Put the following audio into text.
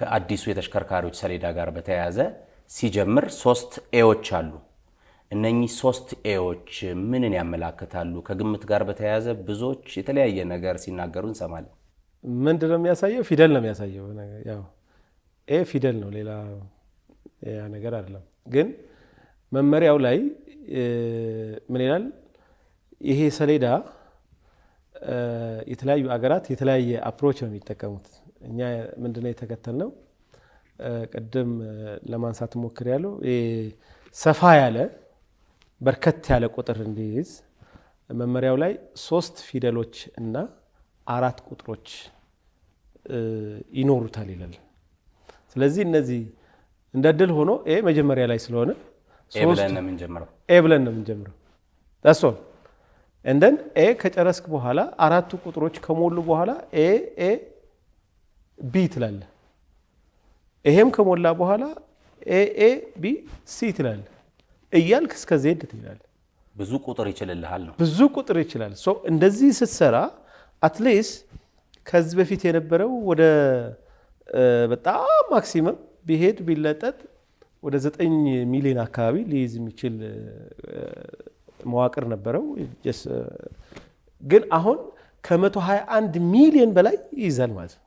ከአዲሱ የተሽከርካሪዎች ሰሌዳ ጋር በተያያዘ ሲጀምር ሶስት ኤዎች አሉ። እነኚህ ሶስት ኤዎች ምንን ያመላክታሉ? ከግምት ጋር በተያያዘ ብዙዎች የተለያየ ነገር ሲናገሩ እንሰማለን። ምንድን ነው የሚያሳየው? ፊደል ነው የሚያሳየው። ያው ኤ ፊደል ነው፣ ሌላ ነገር አይደለም። ግን መመሪያው ላይ ምን ይላል? ይሄ ሰሌዳ የተለያዩ አገራት የተለያየ አፕሮች ነው የሚጠቀሙት እኛ ምንድነው የተከተል ነው ቅድም ለማንሳት ሞክር ያለው ሰፋ ያለ በርከት ያለ ቁጥር እንዲይዝ መመሪያው ላይ ሶስት ፊደሎች እና አራት ቁጥሮች ይኖሩታል ይላል። ስለዚህ እነዚህ እንደ ድል ሆኖ መጀመሪያ ላይ ስለሆነ ኤ ብለን ነው የምንጀምረው። ሶ እንደን ኤ ከጨረስክ በኋላ አራቱ ቁጥሮች ከሞሉ በኋላ ኤ ኤ ቢ ትላለ። ይሄም ከሞላ በኋላ ኤ ኤ ቢ ሲ ትላለ እያልክ እስከ ዜድ ትላለህ። ብዙ ቁጥር ይችልልሃል ነው ብዙ ቁጥር ይችላል። እንደዚህ ስትሰራ አትሊስት ከዚህ በፊት የነበረው ወደ በጣም ማክሲመም ቢሄድ ቢለጠጥ ወደ ዘጠኝ ሚሊዮን አካባቢ ሊይዝ የሚችል መዋቅር ነበረው። ግን አሁን ከመቶ ሃያ ሚሊዮን በላይ ይይዛል ማለት ነው።